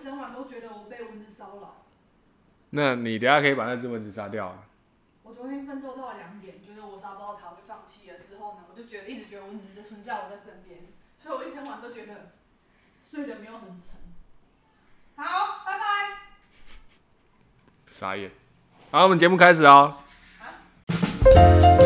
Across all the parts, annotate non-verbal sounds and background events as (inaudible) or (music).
一整晚都覺得我被蚊子騷擾，那你等下可以把那隻蚊子殺掉啊。我昨天奮鬥到了兩點，覺得我殺不到它，我就放棄了。之後呢，我就覺得一直覺得蚊子存在我在身邊，所以我一整晚都覺得睡得沒有很沉。好，拜拜。傻眼。好，我們節目開始哦。啊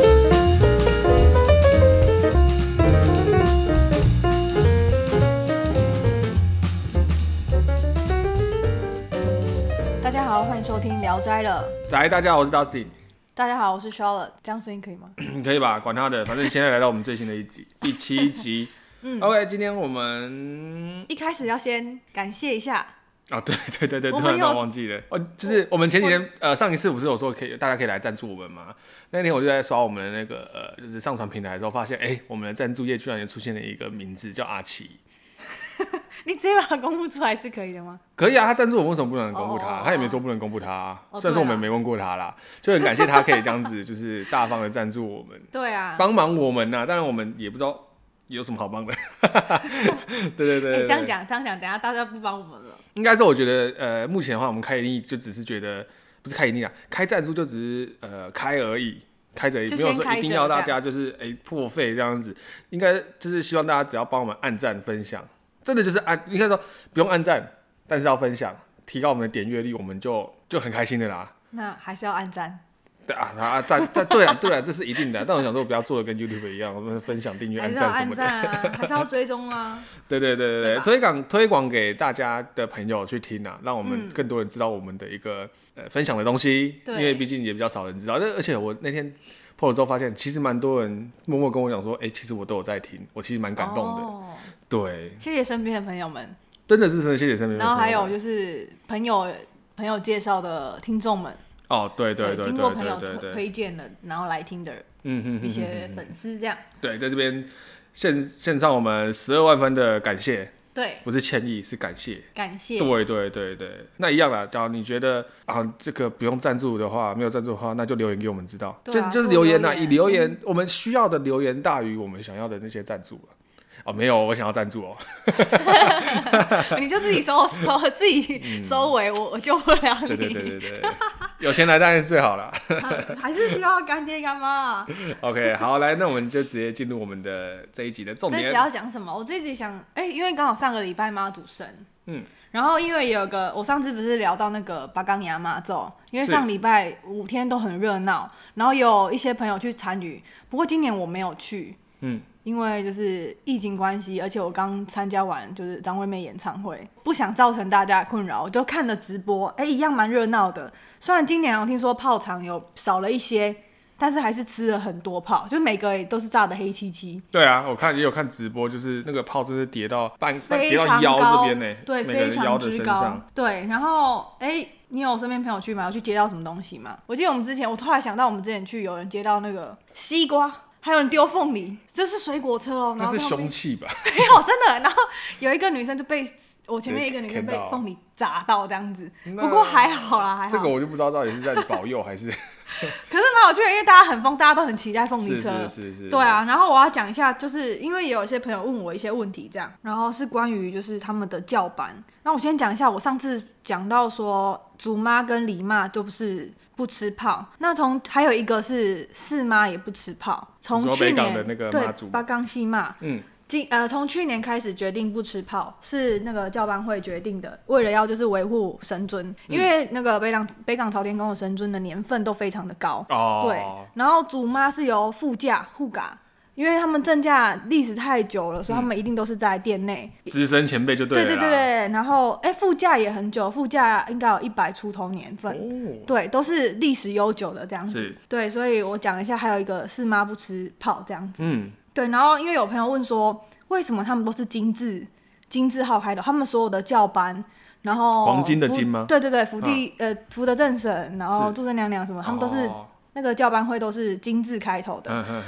收聽《聊齋》了，大家好，我是 Dustin，大家好，我是 Charlotte，這樣聲音可以嗎？可以吧，管他的，反正現在來到我們最新的一集，第 (laughs) 七一集。 (laughs) 嗯，OK，今天我們一開始要先感謝一下啊，對、哦、對對對，突然我忘記了，哦，就是我們前幾天呃上一次不是有說可以大家可以來贊助我們嗎？那天我就在刷我們的那個呃就是上傳平台的時候，發現哎、欸、我們的贊助頁居然出現了一個名字叫阿奇。 (laughs) 你直接把它公布出來是可以的嗎？可以啊，他贊助我們，為什麼不能公布他？他也沒說不能公布他、啊。哦啊、雖然說我們沒問過他啦， (laughs) 就很感謝他可以這樣子，就是大方的贊助我們。 (laughs) 對啊，幫忙我們吶、啊！當然我們也不知道有什麼好幫的。 (laughs) 對對對、對、對、對、欸，這樣講，這樣講，等下大家不幫我們了。應該是我覺得，呃，目前的話，我們開盈利就只是覺得，不是開盈利啊，開贊助就只是呃開而已，開着也沒有說一定要大家就是哎、欸、破費這樣子。應該就是希望大家只要幫我們按贊分享。真的就是按你可以說不用按讚，但是要分享，提高我們的點閱率，我們就就很開心的啦。那還是要按讚。對啊，啊，讚讚對啊， (laughs) 對啊，這是一定的。但我想說，我不要做的跟 YouTube 一樣，我們分享訂閱、訂閱按讚什麼的。還是要追蹤啊。 (laughs) 對對對對對，對推廣推廣給大家的朋友去聽啊，讓我們更多人知道我們的一個、嗯、呃分享的東西。對，因為畢竟也比較少人知道。而且我那天破了之後，發現其實蠻多人默默跟我講說：“哎、欸，其實我都有在聽。”我其實蠻感動的。哦對，謝謝身邊的朋友們，真的是真的謝謝身邊。然後還有就是朋友朋友介紹的聽眾們哦，對對，對，對，對，對，對，對，對，對經過朋友推薦了，然後來聽的人，嗯哼，哼，哼，哼，哼，哼，一些粉絲這樣，對，在這邊獻獻上我們十二萬分的感謝，對，不是歉意，是感謝，感謝，對對對對，那一樣啦，只要你覺得啊，這個不用贊助的話，沒有贊助的話，那就留言給我們知道，啊、就就是留言吶，以留言，我們需要的留言大於我們想要的那些贊助哦，沒有，我想要贊助哦。 (laughs) (laughs) 你就自己收收自己收尾，我、嗯、我救不了你。 (laughs) 對對對對，有錢來當然是最好了、 (laughs) 啊。還是需要乾爹乾媽。 (laughs) OK，好，來，那我們就直接進入我們的這一集的重點。這 (laughs) 集要講什麼？我這集想，哎、欸，因為剛好上個禮拜媽祖生、嗯，然後因為有個，我上次不是聊到那個八綱牙媽祖，因為上禮拜五天都很熱鬧，然後有一些朋友去參與，不過今年我沒有去，嗯。因為就是疫情關係，而且我剛參加完就是張惠妹演唱會，不想造成大家的困擾，我就看了直播，哎、欸，一樣蠻熱鬧的。雖然今年我聽說炮場有少了一些，但是還是吃了很多炮，就是每個都是炸得黑漆漆。對啊，我看也有看直播，就是那個炮真是疊到半疊到腰這邊呢、欸，對，每個人腰的身上。非常之高。對，然後哎、欸，你有我身邊朋友去嗎？有去接到什麼東西嗎？我記得我們之前，我突然想到我們之前去有人接到那個西瓜。還有人丟鳳梨，這是水果車哦、喔。那是兇器吧？沒有，真的。然後有一個女生就被 (laughs) 我前面一個女生被鳳梨砸到這樣子，不過還好啦，還好。這個我就不知道到底是在保佑還是 (laughs) 。 (laughs) 可是蠻有趣的，因為大家很瘋，大家都很期待鳳梨車。是是是是，是對、啊。對啊，然後我要講一下，就是因為也有一些朋友問我一些問題，這樣，然後是關於就是他們的轎班。那我先講一下，我上次講到說祖媽跟李媽都不是。不吃炮，那從還有一個是四媽也不吃炮。從去年對北港西媽，嗯，今呃從去年開始決定不吃炮，是那個教班會決定的，為了要就是維護神尊，因為那個北港北港朝天宮的神尊的年份都非常的高，嗯、對，然後祖媽是由副駕護駕。因為他們正價歷史太久了，所以他們一定都是在店內嗯、資深前輩就對了。對，對對對，然後哎、欸、副駕也很久，副駕應該有一百出頭年份、哦。對，都是歷史悠久的這樣子。對，所以我講一下，還有一個是媽不吃炮這樣子。嗯，對。然後因為有朋友問說，為什麼他們都是金字金字號開頭？他們所有的轎班，然後黃金的金嗎？對對對，福地、啊、呃福德正神，然後註生娘娘什麼，他們都是、哦、那個轎班會都是金字開頭的。嗯嗯。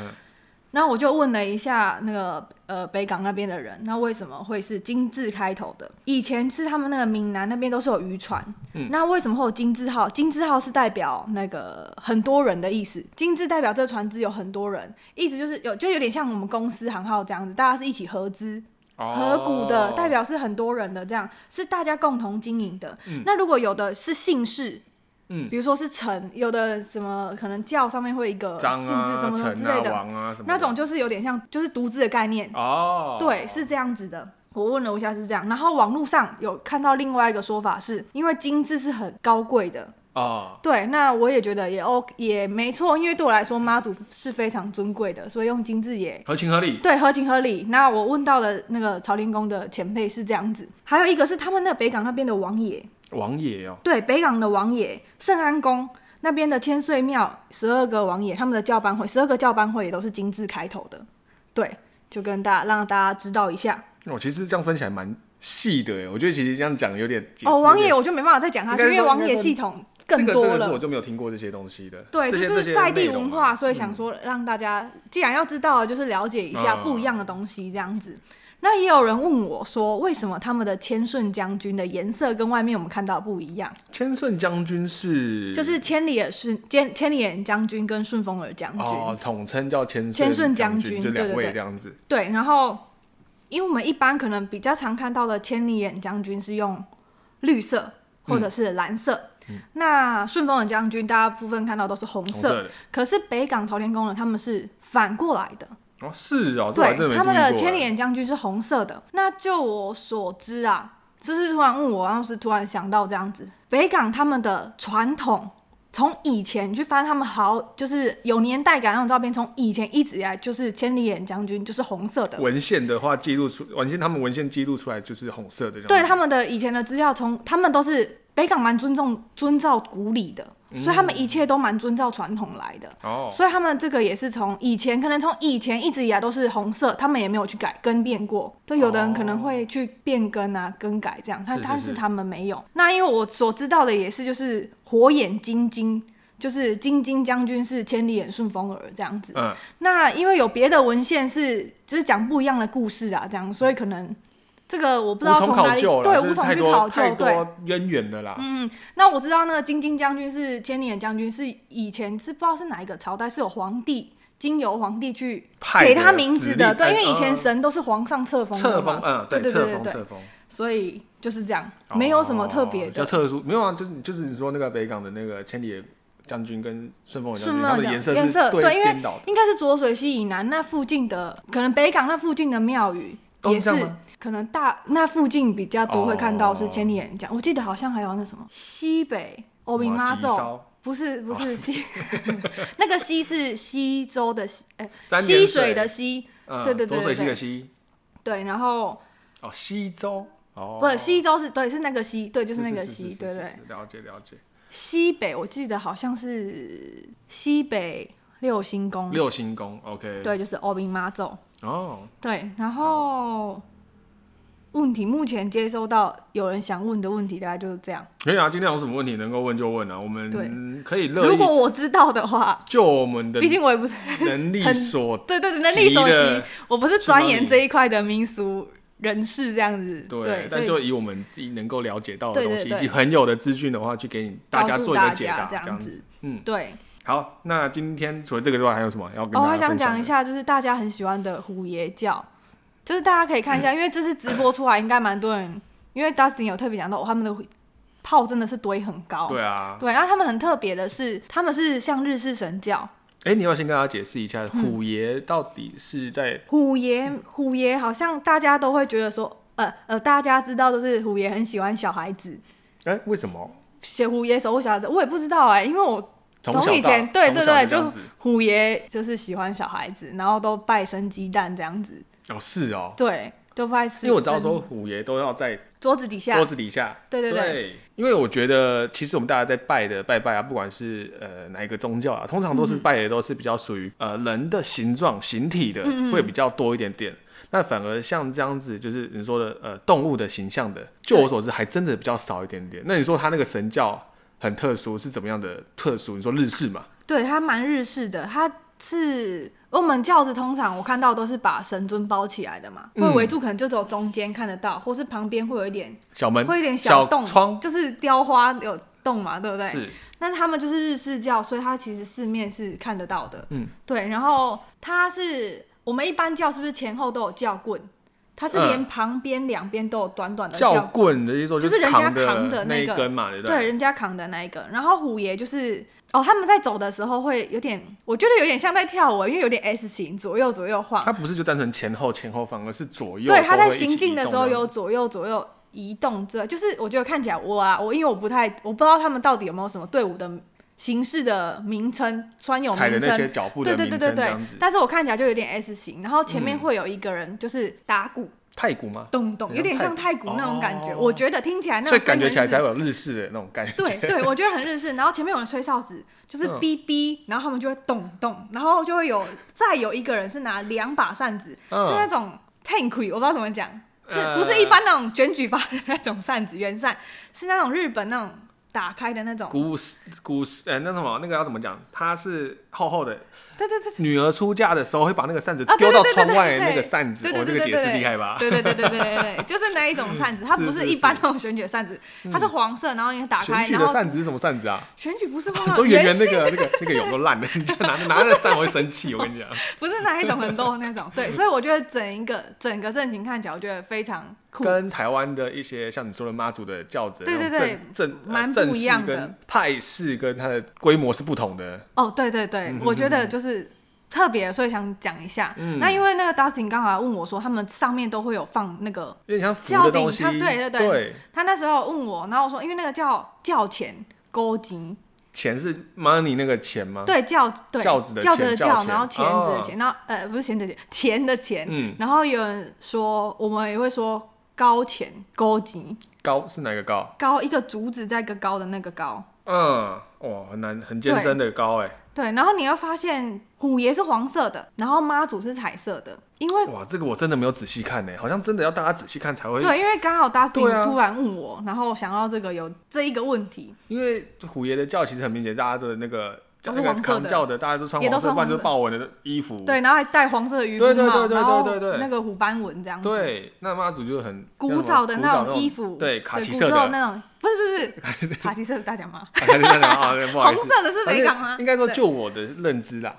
那我就問了一下那個呃北港那邊的人，那為什麼會是金字開頭的？以前是他們那個閩南那邊都是有漁船、嗯，那為什麼會有金字號？金字號是代表那個很多人的意思，金字代表這船只有很多人，意思就是有就有點像我們公司行號這樣子，大家是一起合資、哦、合股的，代表是很多人的這樣，是大家共同經營的、嗯。那如果有的是姓氏？嗯，比如說是陳，有的什麼可能叫上面會一個姓氏什麼什麼之類的，張啊、陳啊、王啊、什麼的，那種就是有點像就是獨字的概念哦，對，是這樣子的。我問了我一下是這樣，然後網絡上有看到另外一個說法是因為金字是很高貴的哦。對，那我也覺得也 OK 也沒錯，因為對我來說媽祖是非常尊貴的，所以用金字也合情合理，對，合情合理。那我問到的那個朝天宮的前輩是這樣子，還有一個是他們那北港那邊的王爺。.王爺哦，對，北港的王爺，聖安宮那邊的千歲廟，十二個王爺，他們的教班會，十二個教班會也都是精字開頭的，對，就跟大家讓大家知道一下。我、哦、其實這樣分起來蠻細的，哎，我覺得其實這樣講有點哦，王爺，我就沒辦法再講他，因為王爺系統更多了。這個、這個是我就沒有聽過這些東西的，對，就是在地文化，啊、所以想說讓大家既然要知道、嗯，就是了解一下不一樣的東西，這樣子。嗯嗯嗯。那也有人問我說，為什麼他們的千順將軍的顏色跟外面我們看到的不一樣？千順將軍是就是千里眼順千千里眼將軍跟順風耳將軍哦，統稱叫千千順將軍，就兩位這樣子。對，對，對，對，然後因為我們一般可能比較常看到的千里眼將軍是用綠色或者是藍色，嗯、那順風耳將軍大家部分看到都是紅色，紅色，可是北港朝天宮呢，他們是反過來的。哦，是哦這、啊，對，他們的千里眼將軍是紅色的。那就我所知啊，就是突然問我，然後是突然想到這樣子。北港他們的傳統，從以前去翻他們好，就是有年代感那種照片，從以前一直以來就是千里眼將軍就是紅色的。文獻的話記錄出文獻，他們文獻記錄出來就是紅色的。對，他們的以前的資料，從他們都是。北港蠻尊重遵照古禮的，所以他們一切都蠻遵照傳統來的。嗯 oh. 所以他們這個也是從以前，可能從以前一直以來都是紅色，他們也沒有去改更變過。對，有的人可能會去變更啊、oh. 更改這樣，但但是他們沒有是是是。那因為我所知道的也是，就是火眼金睛，就是金睛將軍是千里眼、順風耳這樣子、嗯。那因為有別的文獻是，就是講不一樣的故事啊，這樣，所以可能。這個我不知道從哪裡無從，對無從、就是、去考究，淵對淵源的啦。嗯，那我知道那個金精將軍是千里眼將軍，是以前是不知道是哪一個朝代是有皇帝經由皇帝去給他名字的，的，對，因為以前神都是皇上冊封的，冊封，嗯，對對對對，對所以就是這樣，沒有什麼特別、哦哦，比較特殊，沒有啊，就是就是你說那個北港的那個千里眼將軍跟順風順風，它的顏色是對，對，因為應該是濁水溪以南那附近的，可能北港那附近的廟宇。也是，是可能大那附近比較多會看到是千里眼將、哦，我記得好像還有那什麼西北烏面媽祖，不是不是西， (laughs) (laughs) 那個西是西周的西，哎、欸，溪水，水的西、嗯、對，對對對對，西西對然後哦西周哦，西不西周是對是那個西，對就是那個西，是是是是是是對對，對是是是是，了解了解西北，我記得好像是西北六興宮六興宮，OK，對就是烏面媽祖。哦、oh,，對，然後問題、oh. 目前接收到有人想問的問題，大概就是這樣。可以啊，今天有什麼問題能夠問就問啊，我們可以熱。如果我知道的話，就我們的，畢竟我也不是能力所對對對，能力所及，我不是鑽研這一塊的民俗人士這樣子對。對，但就以我們自己能夠了解到的東西對對對以及很有的資訊的話，去給你大家做一個解答這樣子。嗯，對。好，那今天除了這個之外，還有什麼要跟、哦？我還想講一下，就是大家很喜歡的虎爺教，就是大家可以看一下，嗯、因為這次直播出來應，應該蠻多人。因為 Dustin 有特別講到，哦，他們的炮真的是堆很高，對啊，對。然後他們很特別的是，他們是像日式神教。哎、欸，你要先跟大家解釋一下，虎爺到底是在？虎、嗯、爺，虎爺好像大家都會覺得說，嗯、呃呃，大家知道都是虎爺很喜歡小孩子。哎、欸，為什麼？寫虎爺守護小孩子，我也不知道哎、欸，因為我。從以前對，對對對，就虎爺就是喜歡小孩子，然後都拜生雞蛋這樣子。哦，是哦。對，就拜生生。因為我知道說虎爺都要在桌子底下，桌子底下。對對對，對，對。因為我覺得，其實我們大家在拜的拜拜啊，不管是呃哪一個宗教啊，通常都是拜的都是比較屬於、嗯、呃人的形狀形體的，會比較多一點點。那、嗯嗯、反而像這樣子，就是你說的呃動物的形象的，就我所知還真的比較少一點點。那你說他那個神教？很特殊是怎麼樣的特殊？你說日式嘛？對，它蠻日式的。它是我們轎子通常我看到都是把神尊包起來的嘛，會圍住可能就只有中間看得到，或是旁邊會會有一點小門，會有點小洞，就是雕花有洞嘛，對不對？是。但是他們就是日式轎，所以它其實四面是看得到的。嗯，對。然後它是我們一般轎是不是前後都有轎棍？他是連旁邊兩邊都有短短的叫，叫棍的意思，就是人家扛的那根嘛，就是那個。對，對，對，人家扛的那一根。然後虎爺就是哦，他們在走的時候會有點，我覺得有點像在跳舞，因為有點 S 型，左右左右晃。他不是就單純前後前後方，方而是左右。對，他在行進的時候有左右左右移動，這就是我覺得看起來我，啊，我因為我不太我不知道他們到底有沒有什麼隊伍的。形式的名稱，專有名稱，踩的那些腳步的名稱，對對對對對,對。但是，我看起來就有點 S 型，然後前面會有一個人就是打鼓，嗯、太鼓嗎？咚咚，有點像太鼓那種感覺、哦。我覺得聽起來那所以感覺起來才有日式的那種感覺。 (laughs) 對對，我覺得很日式。然後前面有人吹哨子，就是嗶嗶、嗯，然後他們就會咚咚，然後就會有再有一個人是拿兩把扇子，嗯、是那種 t a n k u 我不知道怎麼講，是不是一般那種卷舉法的那種扇子？圓扇是那種日本那種。打開的那種古石，古石，哎，那什麼，那個要怎麼講？它是厚厚的。對對對，對，女兒出嫁的時候會把那個扇子丟到窗外，那個扇子，我這個解釋厲害吧？對對對對對對對，就是那一種扇子，它不是一般那種選舉的扇子，它是黃色，是是是嗯、然後你打開選舉的扇子是什麼扇子啊？選舉不是嘛？說圓圓那個那個那個有多爛的，你就拿拿那個扇，我會生氣，我跟你講，不是那一種很多那種，對，所以我覺得整一個整個陣型看起來，我覺得非常酷，跟台灣的一些像你說的媽祖的轎子，對對對，整陣、呃、蠻不一樣的正式跟派式跟它的規模是不同的。哦，對對對，對嗯嗯嗯嗯，我覺得就是。是特別，所以想講一下、嗯。那因為那個 Dustin 剛好問我說，他們上面都會有放那個轎頂的東西。他對對對，對。他那時候有問我，然後我說，因為那個叫轎錢高金。錢是 money 那個錢嗎？對，轎子轎的轎，然後錢子的錢，哦、然後呃不是錢子的錢，錢的錢。嗯。然後有人說，我們也會說高錢高金。高、級，高是哪個高？高一個竹子再一個高的那個高。嗯。哇，很難很艱深的高哎、欸。對，然後你又發現虎爺是黃色的，然後媽祖是彩色的，因為哇，這個我真的沒有仔細看呢，好像真的要大家仔細看才會。對，因為剛好 Dustin 突然問我、啊，然後想到這個有這一個問題。因為虎爺的叫其實很明顯，大家的那個。都是黃色的，那個、扛轎的，大家都穿黃色，不然就是豹紋的衣服，對，然後還戴黃色的漁夫帽，然後那個虎斑紋這樣子。對，那媽祖就很古早的那種衣服，對，卡其色的，啊、那種、哦嗯、不是不是卡其色是大甲媽？紅色的是北港媽？應該說就我的認知啦，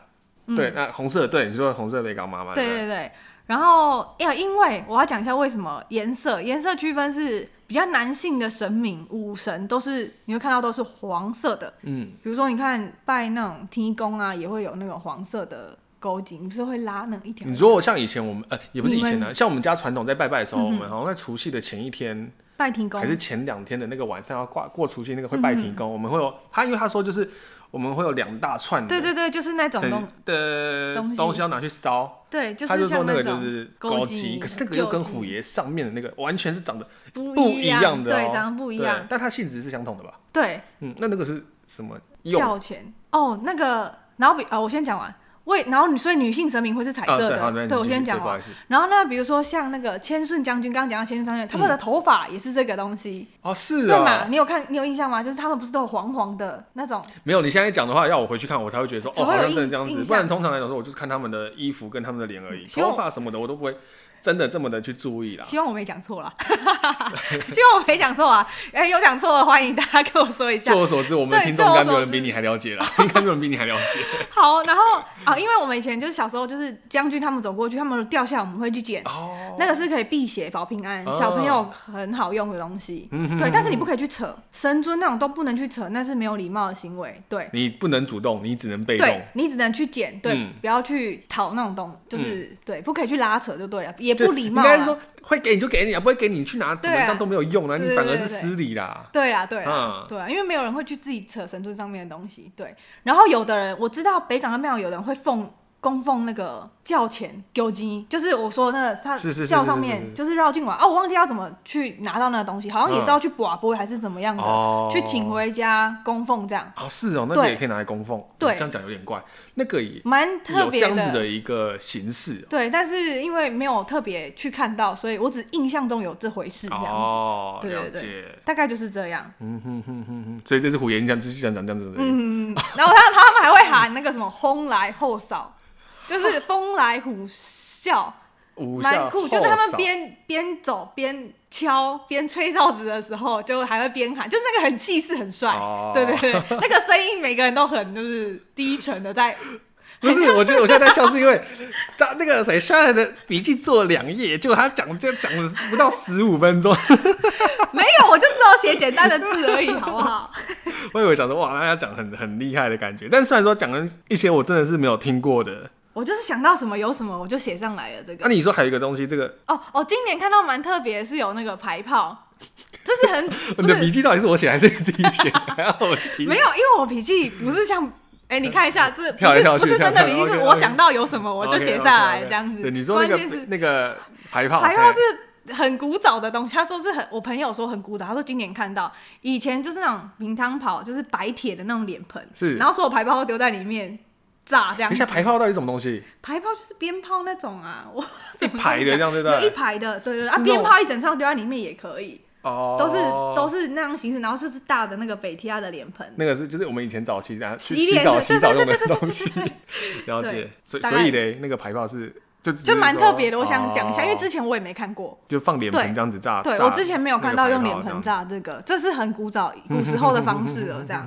嗯、對，那紅色對你說紅色北港媽媽，對對對。然後呀、欸啊，因為我要講一下為什麼顏色顏色區分是比較男性的神明，武神都是你會看到都是黃色的，嗯，比如說你看拜那種天公啊，也會有那種黃色的勾錦，你不是會拉那一條？你說像以前我們呃也不是以前呢、啊、像我們家傳統在拜拜的時候嗯嗯，我們好像在除夕的前一天拜天公，還是前兩天的那個晚上要掛過除夕那個會拜天公，嗯、我們會有他因為他說就是。我們會有兩大串的，對對對，就是那種東的東西要拿去燒，對，就是像那，種就那個就是高級，高，級高級，可是那個又跟虎爺上面的那個完全是長得不一樣的、喔一樣，對，長得不一樣，一樣但它性質是相同的吧？對，嗯，那那個是什麼？票錢哦，那個，然後比啊、哦，我先講完。喂，然後，所以女性神明會是彩色的。啊、對，我先講。然後呢，比如說像那個千順將軍，剛剛講到千順將軍，他們的頭髮也是這個東西。哦、嗯啊，是嘛、啊，你有看你有印象嗎？就是他們不是都有黃黃的那種？沒有，你現在一講的話，要我回去看，我才會覺得說哦，好像真的這樣子。不然通常來講，說我就是看他們的衣服跟他們的臉而已，頭、嗯、髮什麼的我都不會。真的這麼的去注意啦。希望我沒講錯了， (laughs) 希望我沒講錯啊！哎、欸，有講錯的，歡迎大家跟我說一下。據 (laughs) 我所知，我們的聽眾應該沒有人比你還了解了， (laughs) 應該沒有人比你還了解。 (laughs) 好，然後啊，因為我們以前就是小時候，就是將軍他們走過去，他們掉下，我們會去撿。哦，那個是可以避邪保平安，哦，小朋友很好用的東西。嗯哼嗯哼嗯對，但是你不可以去扯神尊那種都不能去扯，那是沒有禮貌的行為。對，你不能主動，你只能被動，你只能去撿。對、嗯，不要去討那種東西，就是、嗯、對，不可以去拉扯就對了。也不禮貌、啊，應該是說會給你就給你啊，不會給你，你去拿，基本上都沒有用啊，對對對對，你反而是失禮啦。對啊，對啊，對啊、嗯，因為沒有人會去自己扯神尊上面的東西。對，然後有的人我知道北港的廟有人會奉。供奉那個轎錢丟金，就是我說那個，他轎上面就是繞境，來哦，我忘記要怎麼去拿到那個東西，好像也是要去廣播還是怎麼樣的，嗯，去請回家供奉這樣。啊，哦，是哦，那個也可以拿來供奉。對。哦，這樣講有點怪，那個也蠻特別的，這樣子的一個形式，哦。對，但是因為沒有特別去看到，所以我只印象中有這回事這樣子。哦，對，對，對，了解，大概就是這樣。嗯哼哼哼哼，所以這是虎爺，這樣繼續講講這樣子的。嗯嗯嗯，然後他他們還會喊那個什麼“轟 (laughs) 來後嫂就是風來虎嘯，蠻、哦、酷。就是他們邊邊走邊敲，邊吹哨子的時候，就還會邊喊，就是那個很氣勢很帥、哦。對對對，那個聲音每個人都很就是低沉的在。 (laughs) 不是，我覺得我現在在笑，是因為在 (laughs) 那個誰，帥帥的筆記做了兩頁，就他講就講了不到十五分鐘。 (laughs) 沒有，我就只有寫簡單的字而已，好不好？ (laughs) 我以為想說哇，大家講很很厲害的感覺，但雖然說講了一些我真的是沒有聽過的。我就是想到什麼有什麼我就寫上來了這個。那、啊、你說還有一個東西，這個哦哦，今年看到蠻特別，是有那個排炮，這是很。是 (laughs) 你的筆記到底是我寫還是你自己寫？ (laughs) 沒有，因為我筆記不是像，哎、欸，你看一下， (laughs) 這是不，是跳一跳不是真的筆記跳跳，是我想到有什麼我就寫下來這樣子。Okay, okay, okay, okay 對你說那個是那個排炮，排炮是很古早的東西。他說是很，我朋友說很古早，他說今年看到以前就是那種麵桶仔，就是白鐵的那種臉盆，是，然後說我排炮都丟在裡面。炸這樣，等一下，排炮到底什麼東西？排炮就是鞭炮那種啊，我這排的這樣對吧？一排的，對對、對啊，鞭炮一整串丟在裡面也可以哦，都是都是那樣形式，然後就是大的那個北提拉的臉盆，那個是就是我們以前早期啊洗澡、洗澡洗澡用的東西， (laughs) 對對對對對對對對，了解。所所以嘞，那個排炮是就是就蠻特別的，我想講一下，因為之前我也沒看過，就放臉盆這樣子炸，對、炸對我之前沒有看到用臉盆炸這個，這是很古早古時候的方式了， (laughs) 這樣。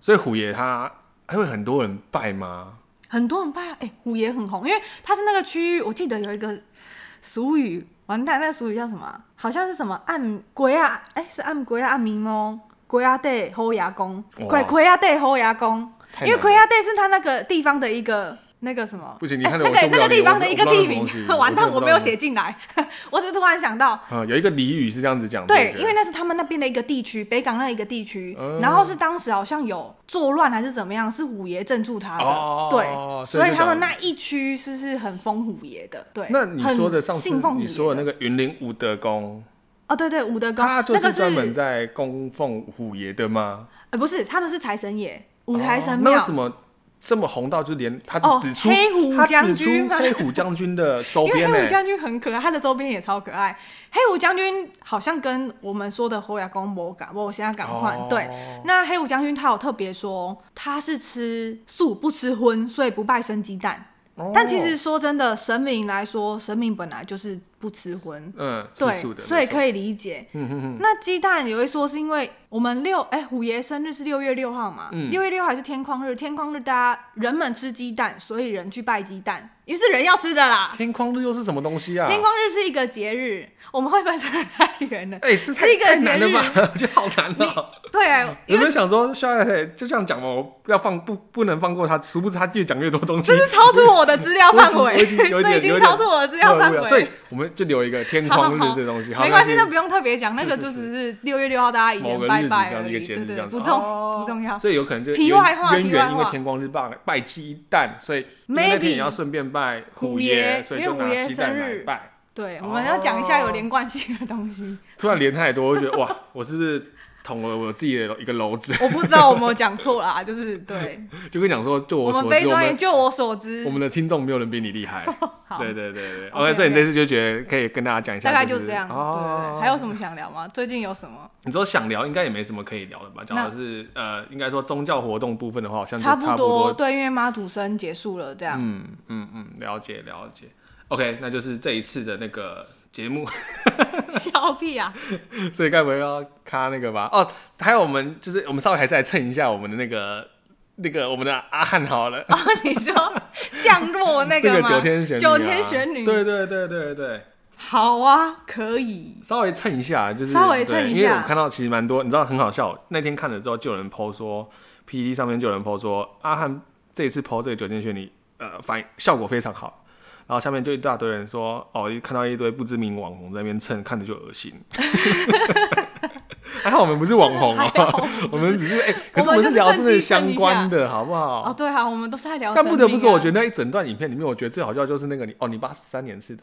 所以虎爺他還會很多人拜嗎？很多人怕，哎、欸，虎爺很紅，因為他是那個區域。我記得有一個俗語，完蛋，那俗語叫什麼、啊？好像是什麼“按國呀”，哎、啊欸，是按、啊“按國呀”按民貓，國呀帶後牙工，國呀帶後牙工，因為國呀帶是他那個地方的一個。那個什麼不行，你看、欸、那個那個地方的一個地名，完蛋，我沒有寫進來。 (laughs) 我只突然想到，嗯、有一個俚語是這樣子講的，對，因為那是他們那邊的一個地區，北港那一個地區、呃，然後是當時好像有作亂還是怎麼樣，是虎爺鎮住他的，哦、對，所，所以他們那一區是是很奉虎爺的，對。那你說的上信奉的你說的那個雲林武德宮，啊、哦，對對，武德宮，他就是專門在供奉虎爺的嗎？呃、那個，欸、不是，他們是財神爺，武財神廟。哦這麼紅到就連他就指出他只出黑虎將軍的周邊，欸哦，他出 (laughs) 因為黑虎將軍很可愛，他的周邊也超可愛。黑虎將軍好像跟我們說的虎爺公摩嘎，我我現在趕快對。那黑虎將軍他有特別說他是吃素不吃葷，所以不拜生雞蛋，哦。但其實說真的，神明來說，神明本來就是不吃葷，嗯，對，所以可以理解。嗯、哼哼那雞蛋也會說是因為。我們六哎、欸，虎爺生日是六月六號嘛？六、嗯、月六還是天匡日？天匡日大家人們吃雞蛋，所以人去拜雞蛋，因為是人要吃的啦。天匡日又是什麼東西啊？天匡日是一個節日，我們會不會太遠了？哎、欸，是太，是一個節日，太難了吧，我覺得好難了、喔。對啊，有沒有想說，現在就這樣講嘛？我不要放不不能放過他，殊不知他越講越多東西，這是超出我的資料範圍。 (laughs) 我已經， (laughs) 這已經超出我的資料範圍，所以我們就留一個天匡日這東西，好好好好沒關係，那不用特別講，那個就只是六月六號大家一拜，就是這樣的一個節日，這樣子不重要，哦，不重要，所以有可能就是題外話，淵源，源，因為天光日拜拜雞蛋，所以那天也要順便拜虎爺，所以就拿雞蛋來拜。對，我們要講一下有連貫性的東西。哦，突然連太多，我覺得 (laughs) 哇，我是不是？.捅了我自己的一個簍子，我不知道我有沒有講錯啦， (laughs) 就是對，就跟你講說就我，我們非專業，就我所知，我們，我們的聽眾沒有人比你厲害， (laughs) 對對對對，OK，所、okay, 以、so、你這次就覺得可以跟大家講一下、就是，okay, okay. 大概就這樣，哦、對，對，對，還有什麼想聊嗎？最近有什麼？你說想聊，應該也沒什麼可以聊的吧？講的是呃，應該說宗教活動部分的話，好像差不，差不多，對，因為媽祖生結束了，這樣，嗯嗯嗯，了解了解，OK，那就是這一次的那個。節目，笑屁啊！ (laughs) 所以該不會要卡那個吧？哦，還有我們就是，我們稍微還是來蹭一下我們的那個那個我們的阿翰好了。哦、你說降落那個嗎？ (laughs) 那個九天玄女、啊，九天玄女，對,對對對對對，好啊，可以稍微蹭一下，就是稍微蹭一下，因為我看到其實蠻多，你知道很好笑，那天看了之後，就有人 po 說 PTT 上面就有人 po 說阿翰這一次 po 這個九天玄女，呃，反應效果非常好。然後下面就一大堆人說，哦，一看到一堆不知名網紅在那邊蹭，看着就噁心。還 (laughs) 好、 (laughs) 哎、我們不是網紅、啊、 (laughs) 是我們只是哎，欸、 (laughs) 可是我們是聊真的是相關的，好不好？哦，對啊，我們都是在聊、啊。但不得不說，我覺得那一整段影片裡面，我覺得最好笑就是那個你 (laughs) 哦，你八十三年次的。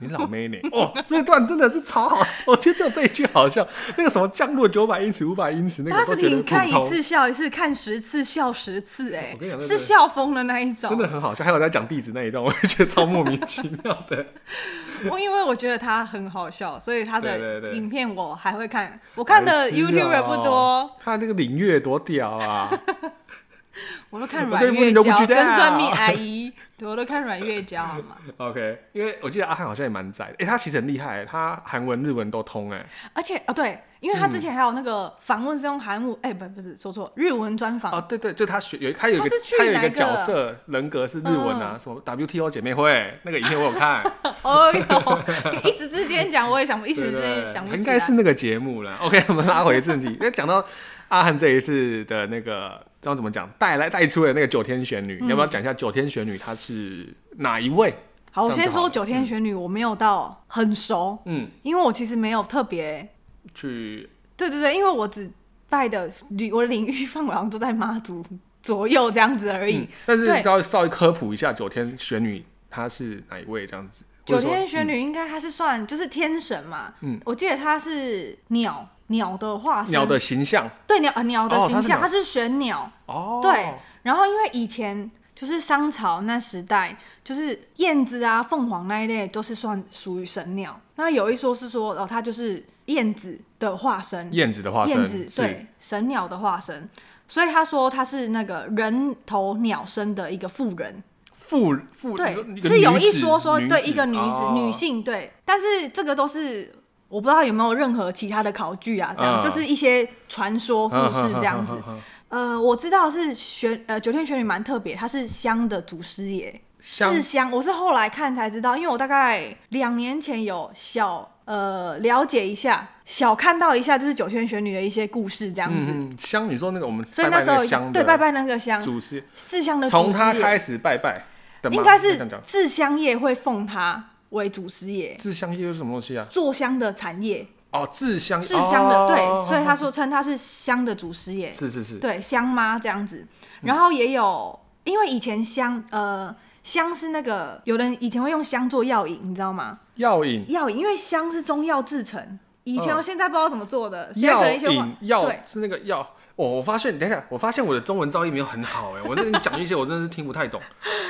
你老妹呢、欸？ (laughs) 哦，這段真的是超好， (laughs) 我覺得就這一句好笑。那個什麼降落九百英尺、五百英尺，那個他是覺你看一次笑一次，看十次笑十次、欸，哎、哦那個，是笑瘋了那一種。真的很好笑，還有在講地址那一段，我也覺得超莫名其妙的。 (laughs) (laughs) 我因為我覺得他很好笑，所以他的影片我還會看。對對對，我看的 YouTube 不多，看那個林月多屌啊！ (laughs) 我都看阮月嬌跟算命阿姨。 (laughs) 我都看軟月交好嗎？OK，因為我記得阿漢好像也蠻宅的。哎、欸，他其實很厲害，他韓文、日文都通哎。而且哦，對，因為他之前還有那個訪問是用韓文，哎、嗯欸，不，不是說錯，日文專訪。哦，對對，就他學有他有一個,他，個他有一個角色人格是日文啊，嗯、什麼 WTO 姐妹會那個影片我有看。 (laughs) 哦喲，一時之間講我也想，一時之間想不對對對，應該是那個節目啦。 (laughs) OK，我們拉回正題，因為講到阿漢這一次的那個。這樣怎麼講？帶來帶出的那個九天玄女，嗯、你要不要講一下九天玄女她是哪一位？好,好，我先說九天玄女，我沒有到很熟，嗯，因為我其實沒有特別去，對對對，因為我只帶的領我的領域範圍好像都在媽祖左右這樣子而已。嗯、但是你稍微科普一下九天玄女她是哪一位這樣子？九天玄女應該她是算、嗯、就是天神嘛，嗯，我記得她是鳥。鳥的化身鳥的鳥、呃，鳥的形象，對、哦、鳥啊，鳥的形象，它是玄鳥。哦，對，然後因為以前就是商朝那時代，就是燕子啊、鳳凰那一類都是算屬於神鳥。那有一說是說，哦、呃，它就是燕子的化身，燕子的化身，燕子對神鳥的化身。所以他說他是那個人頭鳥身的一個婦人，婦婦對是有，一說說對一個女子，說說女、子、個女、子女性、哦、女性對，但是這個都是。我不知道有沒有任何其他的考據啊，啊，這樣就是一些傳說故事這樣子。啊啊啊啊啊啊啊、呃，我知道是玄呃九天玄女蠻特別，她是香的祖師爺。是香，我是後來看才知道，因為我大概兩年前有小呃了解一下，小看到一下就是九天玄女的一些故事這樣子。嗯、香，你說那個我們拜拜那個，所以那時候香對，拜拜那個香祖師是香的，從他開始拜拜，應該是製香業會奉他為祖師爺，製香業是什麼東西啊？做香的產業哦，製香製香的、哦、對，所以他說稱它是香的祖師爺，是是是對，對香嘛這樣子？然後也有，嗯、因為以前香呃香是那個有人以前會用香做藥引，你知道嗎？藥引藥引，因為香是中藥制成，以前我現在不知道怎麼做的。藥引藥對是那個藥，我、哦、我發現等一下，我發現我的中文造詣沒有很好哎、欸， (laughs) 我跟你講一些，我真的是聽不太懂。 (laughs)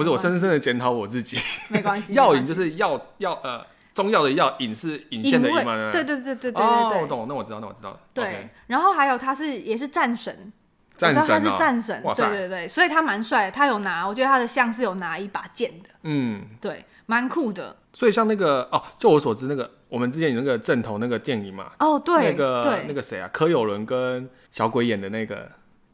不是我深深的檢討我自己，沒關係。藥 (laughs) 引就是藥藥呃，中藥的藥引是引線的引嘛？對對對對對對，對、哦，我懂，那我知道，那我知道了。對、okay，然後還有他是也是戰神，戰神哦、你知道他是戰神，對對對，所以他蠻帥，他有拿，我覺得他的像是有拿一把劍的，嗯，對，蠻酷的。所以像那個哦，就我所知，那個我們之前有那個陣頭那個電影嘛，哦對，那個那個誰啊，柯有倫跟小鬼演的那個，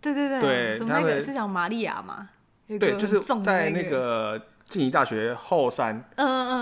對對對，對，對，什麼那個他是叫瑪利亞嘛。那個、對，就是在那個靜宜大學後山，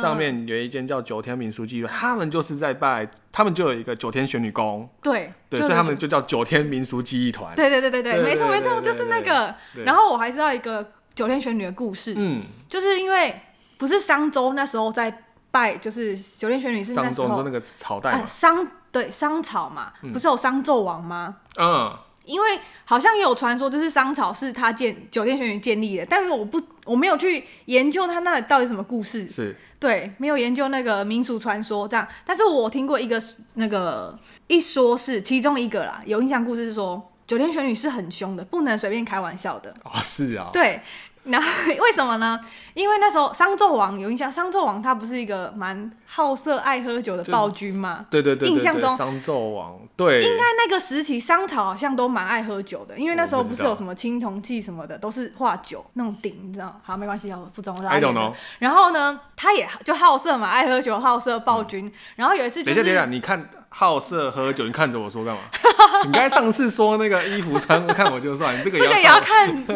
上面有一間叫九天民俗技藝、嗯嗯，他們就是在拜，他們就有一個九天玄女宮，對，對、就是，所以他們就叫九天民俗技藝團，對對對對、對、對、對、對沒錯沒錯，就是那個。對對對對，然後我還知道一個九天玄女的故事，嗯，就是因為不是商周那時候在拜，就是九天玄女是那時候商周那個朝代、啊，商對商朝嘛、嗯，不是有商紂王嗎？嗯。因為好像也有傳說，就是商朝是他建九天玄女建立的，但是我不我沒有去研究他那到底什麼故事，是對沒有研究那個民俗傳說這樣，但是我聽過一個那個一說是其中一個啦，有印象故事是說九天玄女是很兇的，不能隨便開玩笑的啊、哦，是啊，對。那為什麼呢？因為那時候商紂王有印象，商紂王他不是一個蠻好色、愛喝酒的暴君嗎？對對對，對，對對對，印象中商紂王對。應該那個時期商朝好像都蠻愛喝酒的，因為那時候不是有什麼青銅器什麼的，都是畫酒那種鼎，你知道？好，沒關係，我不懂。I don't know。然後呢，他也就好色嘛，愛喝酒，好色暴君。嗯、然後有一次、就是，等一下，等一下，你看好色喝酒，你看着我說幹嘛？ (laughs) 你剛才上次說那個衣服穿不 (laughs) 看我就算，你這個，這個也要看。這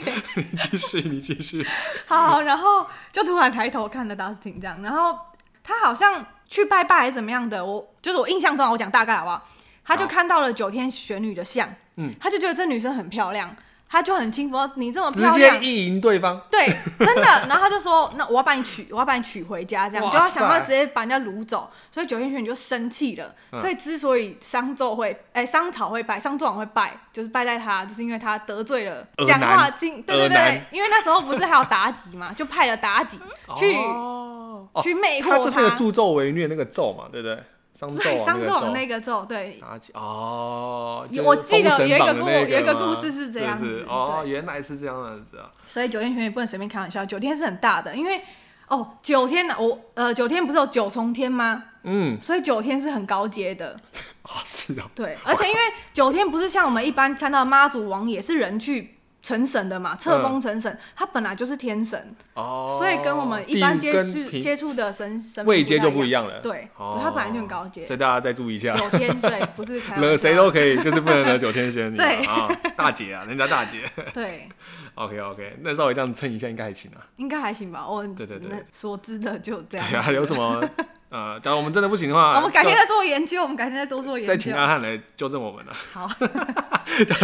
(laughs) 你繼續，你繼續。 (laughs) 好，然後就突然抬頭看著 Dustin 這樣，然後他好像去拜拜還是怎麼樣的，我就是我印象中我講大概好不好？他就看到了九天玄女的像，嗯，他就覺得這女生很漂亮。他就很輕浮，你這麼漂亮，直接意淫對方，對，真的。然後他就說，那我要把你娶，我要把你娶回家，這樣就要想辦法直接把人家擄走。所以九天玄女就生氣了。嗯、所以之所以商紂會，哎、欸，商朝會敗，商紂王會敗，就是敗在他，就是因為他得罪了。講話，經，對對對，呃、因為那時候不是還有妲己嘛， (laughs) 就派了妲己去、哦、去魅惑他、哦。他這個助紂為虐那個紂嘛，對不對，對？上咒、啊，上咒的那個咒、那個，對。哦、就是那個，我記得有一個故、那個，有一個故事是這樣子。是是哦，原來是這樣子啊。所以九天玄女不能隨便開玩笑，九天是很大的，因為哦，九天我呃，九天不是有九重天嗎？嗯。所以九天是很高階的。哦、是的、啊、對，而且因為九天不是像我們一般看到媽祖王也是人去。成神的嘛，冊封成神，他、嗯、本來就是天神、哦，所以跟我們一般接觸接觸的神神位階就不一樣了對、哦對哦。對，他本來就很高階，所以大家再注意一下。九天對，不是開。惹誰都可以，就是不能惹九天仙女。 (laughs) 對啊、哦，大姐啊，人家大姐。對 (laughs) ，OK OK，那稍微這樣稱一下應該還行啊，應該還行吧。我，對對對，所知的就這樣。對啊，有什麼呃，假如我們真的不行的話， (laughs) 我們改天再做研究。我們改天再多做研究。再請阿漢來糾正我們了、啊。好。 (laughs)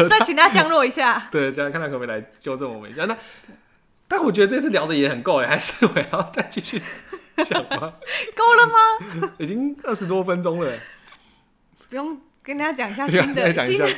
再請大家降落一下。對，想看他可不可以來糾正我們一下。那， (laughs) 但我覺得這次聊的也很夠誒，還是我要再繼續講吧？夠 (laughs) 了嗎？ (laughs) 已經二十多分鐘了。不用跟大家講一下新的，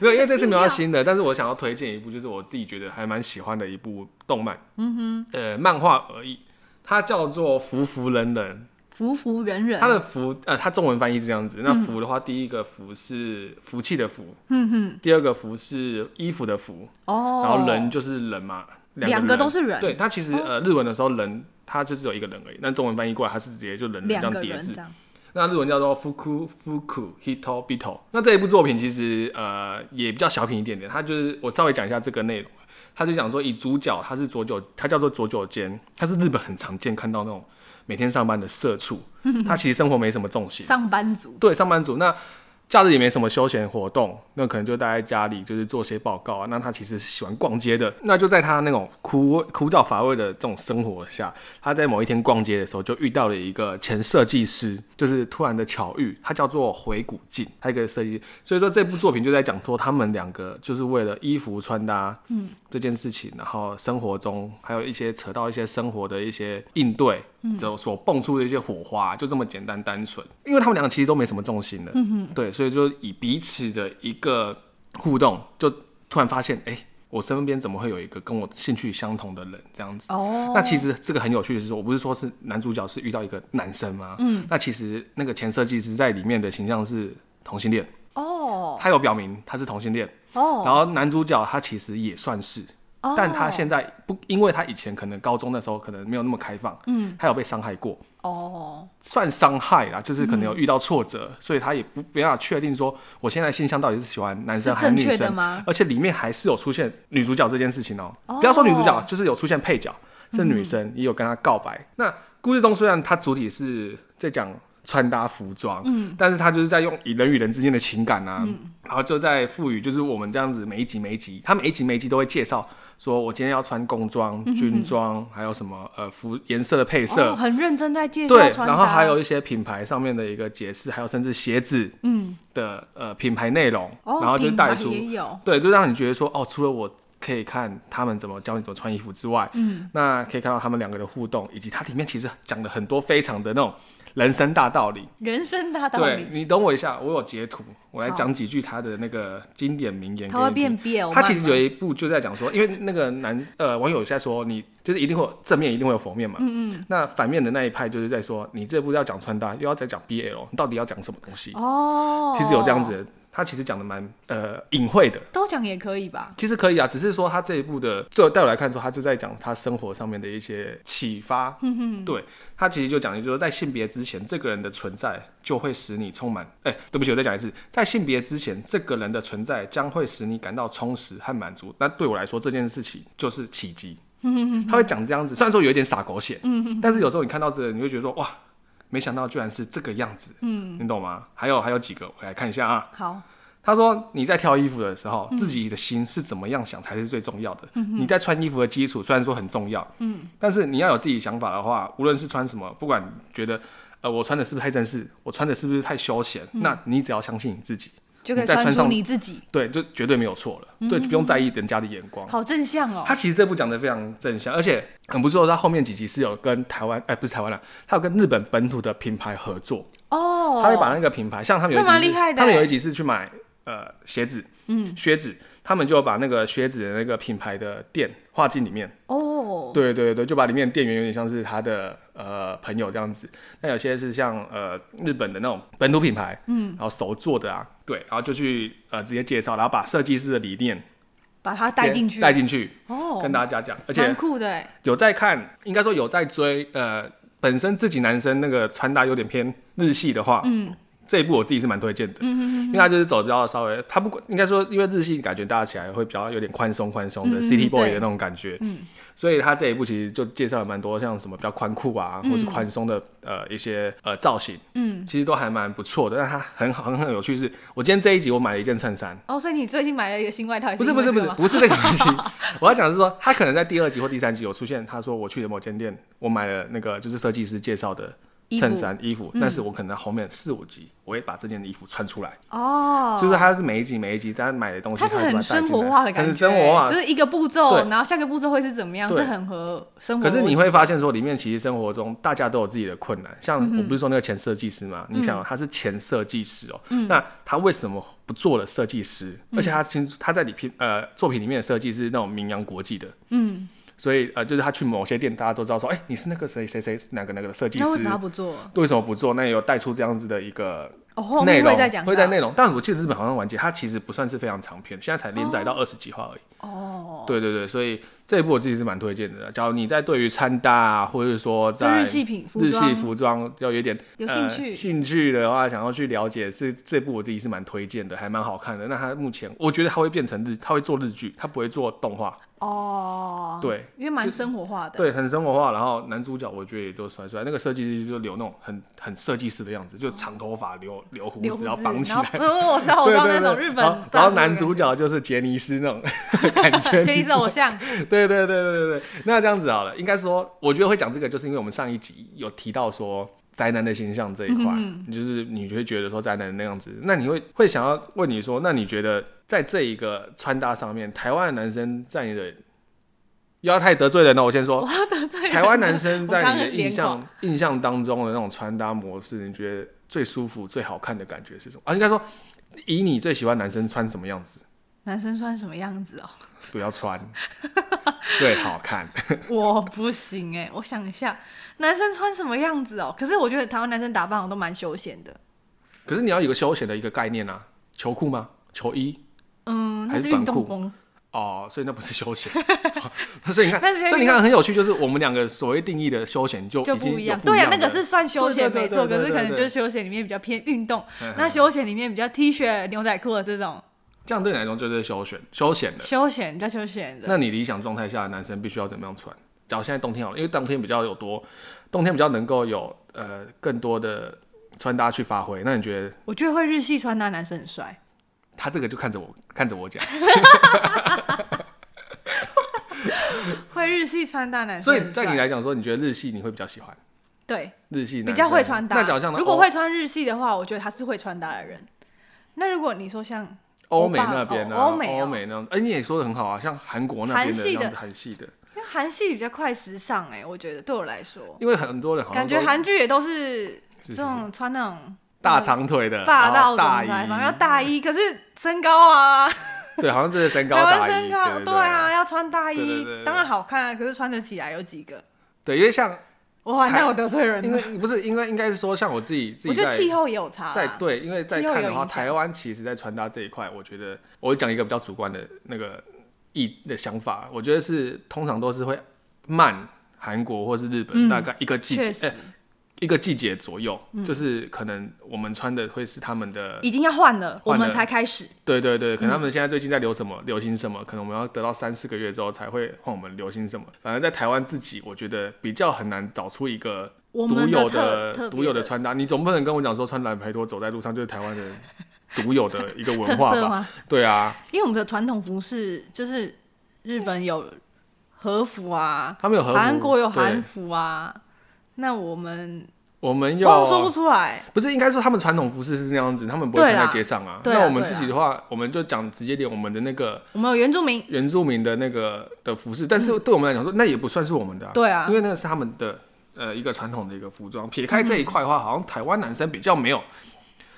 沒有、啊，因為這次沒有新的。 (laughs) 但是我想要推薦一部，就是我自己覺得還蠻喜歡的一部動漫，嗯哼，呃，漫畫而已。它叫做《福服人人》。 (laughs) 福服人人，他的福呃，他中文翻譯是這樣子。嗯、那福的話，第一個福是福氣的福，嗯，第二個服是衣服的服。哦，然後人就是人嘛，兩個，兩個都是人。對，他其實呃，日文的時候人他就是有一個人而已。那、哦、中文翻譯過來，他是直接就人這樣疊字，那日文叫做、嗯、福福福福，hitobito。那這一部作品其實呃也比較小品一點點。他就是我稍微講一下這個內容，他就講說以主角他是佐久，他叫做佐久間，他是日本很常見看到那種，每天上班的社畜，他其實生活沒什麼重心， (laughs) 上班族對上班族。那假日也沒什麼休閒活動，那可能就待在家裡，就是做些報告啊。那他其實是喜歡逛街的。那就在他那種枯枯燥乏味的這種生活下，他在某一天逛街的時候，就遇到了一個前設計師，就是突然的巧遇。他叫做回古鏡，他一個設計師。所以說，這部作品就在講說他們兩個就是為了衣服穿搭這件事情，然後生活中還有一些扯到一些生活的一些應對。所所蹦出的一些火花，就這麼簡單單純，因為他們兩個其實都沒什麼重心的、嗯，對，所以就以彼此的一個互動，就突然發現，哎、欸，我身邊怎麼會有一個跟我興趣相同的人這樣子、哦？那其實這個很有趣的是，我不是說是男主角是遇到一個男生嗎？嗯，那其實那個前設計師在裡面的形象是同性戀，哦，他有表明他是同性戀、哦，然後男主角他其實也算是。但他現在不，oh. 因為他以前可能高中的時候可能沒有那麼開放，嗯，他有被傷害過，哦、oh.，算傷害啦，就是可能有遇到挫折，嗯、所以他也不沒辦法確定說我現在性向到底是喜歡男生還是女生是的嗎？而且裡面還是有出現女主角這件事情哦、喔，oh. 不要說女主角，就是有出現配角、oh. 是女生也有跟他告白、嗯。那故事中雖然他主體是在講穿搭服裝，嗯，但是他就是在用以人與人之間的情感啊，嗯、然後就在賦予就是我們這樣子每一集每一集，他每一集每一集都會介紹。說我今天要穿工裝、嗯嗯、軍裝，還有什麼呃服顏色的配色、哦，很認真在介紹穿搭。對，然後還有一些品牌上面的一個解釋，還有甚至鞋子，嗯。的呃品牌內容、哦，然後就帶出，對，就讓你覺得說，哦，除了我可以看他們怎麼教你怎麼穿衣服之外，嗯，那可以看到他們兩個的互動，以及它裡面其實講了很多非常的那種人生大道理，人生大道理。對，你等我一下，我有截圖，哦、我來講幾句他的那個經典名言、哦，給你。他會變 BL。他其實有一部就在講說， (laughs) 因為那個男呃網友在說，你就是一定會正面，一定會有負面嘛，嗯，那反面的那一派就是在說，你這部要講穿搭，又要再講 BL，你到底要講什麼東西？哦，其實。是有這樣子的，他其實講的蠻呃隱晦的，都講也可以吧？其實可以啊，只是說他這一部的最後帶我來看說，他就在講他生活上面的一些啟發。嗯哼，對，他其實就講的就是說，在性別之前，這個人的存在就會使你充滿。哎、欸，對不起，我再講一次，在性別之前，這個人的存在將會使你感到充實和滿足。那對我來說，這件事情就是奇蹟。嗯哼，他會講這樣子，雖然說有一點灑狗血，嗯哼，但是有時候你看到這個，你會覺得說哇。沒想到居然是這個樣子，嗯，你懂嗎？還有還有幾個，我來看一下啊。好，他說你在挑衣服的時候，嗯、自己的心是怎麼樣想才是最重要的。嗯、你在穿衣服的基礎雖然說很重要，嗯，但是你要有自己想法的話，無論是穿什麼，不管覺得呃我穿的是不是太正式，我穿的是不是太休閒、嗯，那你只要相信你自己。就可以穿上你自己，對，就絕對沒有錯了，嗯，對，不用在意人家的眼光，好正向哦。他其實這部講的非常正向，而且很不錯。他後面幾集是有跟台灣，哎，欸，不是台灣了，啊，他有跟日本本土的品牌合作哦。他會把那個品牌，像他們有一集，他們有一集是去買，呃、鞋子，嗯，靴子，他們就把那個靴子的那個品牌的店畫進裡面哦。對對對，就把裡面的店員有點像是他的呃朋友這樣子。那有些是像呃日本的那種本土品牌，嗯，然後手做的啊。對，然後就去呃直接介紹，然後把設計師的理念，把它帶進去，帶進去，帶進去，哦、oh，跟大家講，而且有在看酷的，應該說有在追，呃，本身自己男生那個穿搭有點偏日系的話，嗯。這一部我自己是蠻推薦的，嗯嗯因為他就是走的比較稍微，他不管應該說，因為日系感覺搭起來會比較有點寬鬆寬鬆的，City Boy、嗯嗯、的那種感覺，嗯，所以他這一部其實就介紹了蠻多，像什麼比較寬褲啊、嗯，或是寬鬆的呃一些呃造型，嗯，其實都還蠻不錯的。但它很好，很有趣是，我今天這一集我買了一件襯衫，哦，所以你最近買了一個新外套，外套是不是不是不是不是這個東西， (laughs) 我要講的是說，他可能在第二集或第三集有出現，他說我去某間店，我買了那個就是設計師介紹的。襯衫、衣服，衣服，嗯，但是我可能後面四五集，我也把這件衣服穿出來。哦，就是他是每一集每一集，但買的東西他，是，他是很生活化的感覺，很生活化，就是一個步驟，然後下個步驟會是怎麼樣，是很合生活。可是你會發現說，裡面其實生活中大家都有自己的困難。嗯、像我不是說那個前設計師嘛、嗯，你想他是前設計師哦、喔嗯，那他為什麼不做了設計師、嗯？而且他清楚、嗯、他在裡面呃作品裡面的設計是那種名揚國際的，嗯。所以呃，就是他去某些店，大家都知道說，哎、欸，你是那個誰誰誰，哪個哪個設計師？他不做？為什麼不做？那有帶出這樣子的一個。內、oh, 容會在內容，但是我記得日本好像完結，它其實不算是非常長篇，現在才連載到二十幾話而已。哦、oh.，對對對，所以這一部我自己是蠻推薦的啦。假如你在對於穿搭，或者是說在日系品、日系服裝，要有點有興趣、呃、興趣的話，想要去了解這這部我自己是蠻推薦的，還蠻好看的。那它目前我覺得它會變成日，它會做日劇，它不會做動畫。哦、oh.，對，因為蠻生活化的，對，很生活化。然後男主角我覺得也都帥帥，那個設計師就留那種很很設計師的樣子，就長頭髮留。Oh. 留鬍子要綁起來，那種日本。然後男主角就是傑尼斯那種感覺，傑尼斯偶像。 (laughs) 對對對對對，對，對，那這樣子好了，應該說，我覺得會講這個，就是因為我們上一集有提到說宅男的形象這一塊，你、嗯、就是你會覺得說宅男那樣子，嗯、哼哼，那你會會想要問你說，那你覺得在這一個穿搭上面，台灣的男生在你的，不要太得罪人呢。我先說，我得罪了，台灣男生在你的印象印象當中的那種穿搭模式，你覺得？最舒服、最好看的感覺是什麼啊？應該說，以你最喜歡男生穿什麼樣子？男生穿什麼樣子哦？不要穿， (laughs) 最好看。我不行哎、欸，我想一下， (laughs) 男生穿什麼樣子哦？可是我覺得台灣男生打扮好像都蠻休閒的。可是你要有個休閒的一個概念啊，球褲嗎？球衣？嗯，還是運動風。哦，所以那不是休閒、 (laughs) 哦，所以你看， (laughs) 所以你看， (laughs) 所以你看很有趣，就是我們兩個所謂定義的休閒就，就不一樣，對呀、啊，那個是算休閒沒錯，可是可能就是休閒裡面比較偏運動， (laughs) 那休閒裡面比較 T 恤、牛仔褲的這種，這樣對你來說就是休閒，休閒的，休閒休閒的。那你理想狀態下的男生必須要怎麼樣穿？假如現在冬天好了，因為冬天比較有多，冬天比較能夠有呃更多的穿搭去發揮。那你覺得？我覺得會日系穿搭男生很帥，他這個就看着我，看着我講。 (laughs) (laughs) 會日系穿搭男生，所以，在你來講說，你覺得日系你會比較喜歡？對，日系比較會穿搭如。如果會穿日系的話，我覺得他是會穿搭的人。那如果你說像歐美那邊呢、啊？歐美、喔、歐美那樣，恩、欸、你也說得很好啊。像韓國那邊的這樣子，韓系的韓系的，因為韓系比較快時尚哎、欸，我覺得對我來說，因為很多人好像感覺韓劇也都是這種穿那種是是是大長腿的，那個，霸道總裁，然後要大衣，大衣可是身高啊。 (laughs) 對，好像就是身高大衣身高對對，對啊，要穿大衣對對對對對，當然好看啊。可是穿得起來有幾個？對，因為像哇，太我還有得罪人了，不是因為應該是說像我自己，自己在我覺得氣候也有差、啊。在對，因為在看的話，台灣其實在穿搭這一塊，我覺得我講一個比較主觀的那個意的想法，我覺得是通常都是會慢韓國或是日本、嗯、大概一個季節。一個季節左右、嗯，就是可能我們穿的會是他們的，已經要換了換，我們才開始。對對對，可能他們現在最近在流什麼，流、嗯、行什麼，可能我們要得到三四個月之後才會換。我們流行什麼？反正在台灣自己，我覺得比較很難找出一個獨有的、獨有的、獨有的穿搭。你總不能跟我講說，穿藍白拖走在路上就是台灣的獨有的一個文化吧？對啊，因為我們的傳統服飾就是日本有和服啊，他們有和服啊，韓國有韓服啊。那我們，我們又說不出來，不是應該說他們傳統服飾是那樣子，他們不會穿在街上啊。那我們自己的話，我們就講直接點，我們的那個，我們有原住民，原住民的那個的服飾，但是對我們來講說、嗯，那也不算是我們的、啊，對啊，因為那個是他們的呃一個傳統的一個服裝。撇開這一塊的話、嗯，好像台灣男生比較沒有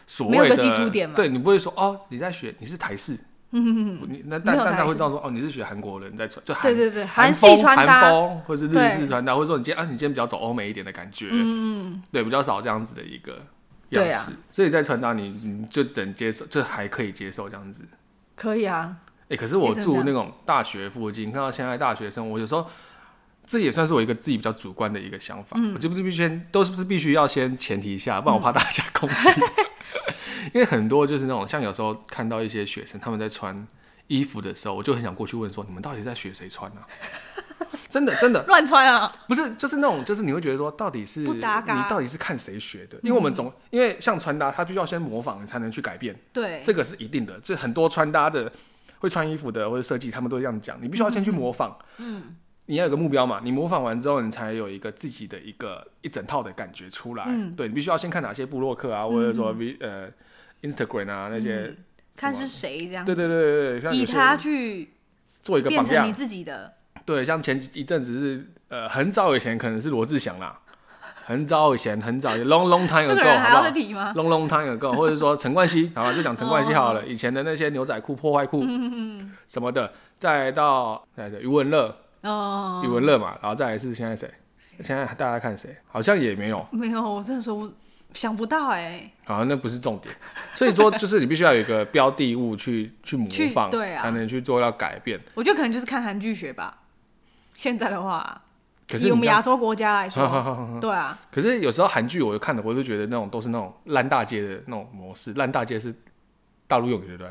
所，所謂的基礎點，對你不會說哦，你在學你是台式。 (noise) 你那但，但，但，但大家會知道說哦，你是學韓國人在穿，就韓，對對對，韓系穿搭，或是日式穿搭，或者說你今天啊，你今天比較走歐美一點的感覺，嗯對，對，比較少這樣子的一個樣子。啊、所以在穿搭你你就只能接受，就還可以接受這樣子，可以啊，哎、欸，可是我住那種大學附近，看到現在大學生，我有時候這也算是我一個自己比較主觀的一個想法，嗯、我是不是必須都是不是必須要先前提一下，不然我怕大家攻擊。嗯 (laughs) 因為很多就是那種，像有時候看到一些學生他們在穿衣服的時候，我就很想過去問說：“你們到底在學誰穿啊？”真的，真的亂穿啊！不是，就是那種，就是你會覺得說，到底是你到底是看誰學的？因為我們總因為像穿搭，他必須要先模仿，你才能去改變。對，這個是一定的。這很多穿搭的會穿衣服的或者設計，他們都這樣講，你必須要先去模仿。嗯，你要有個目標嘛，你模仿完之後，你才有一個自己的一個一整套的感覺出來。對，你必須要先看哪些部落客啊，或者說 V 呃。Instagram 啊，那些、嗯、看是誰這樣子？對對對對對，像以他去做一個榜樣，對，像前一陣子是呃，很早以前可能是羅志祥啦，很早以前，很早以前 long long time ago，好吧？long long time ago， (laughs) 或者說陳冠希， (laughs) 好了，就講陳冠希好了。Oh. 以前的那些牛仔褲破壞褲，嗯什麼的，再來到再來是余文樂，哦，余文樂、oh. 嘛，然後再來是現在誰？現在大家看誰？好像也沒有，沒有，我真的說不。想不到哎、欸、好、啊，那不是重點。所以說，就是你必須要有一個標的物去 (laughs) 去模仿，對啊，才能去做到改變。我覺得可能就是看韓劇學吧。現在的話，剛剛以我們亞洲國家來說呵呵呵呵呵，對啊。可是有時候韓劇我就看的，我就覺得那種都是那種爛大街的那種模式。爛大街是大陸用語，對不對？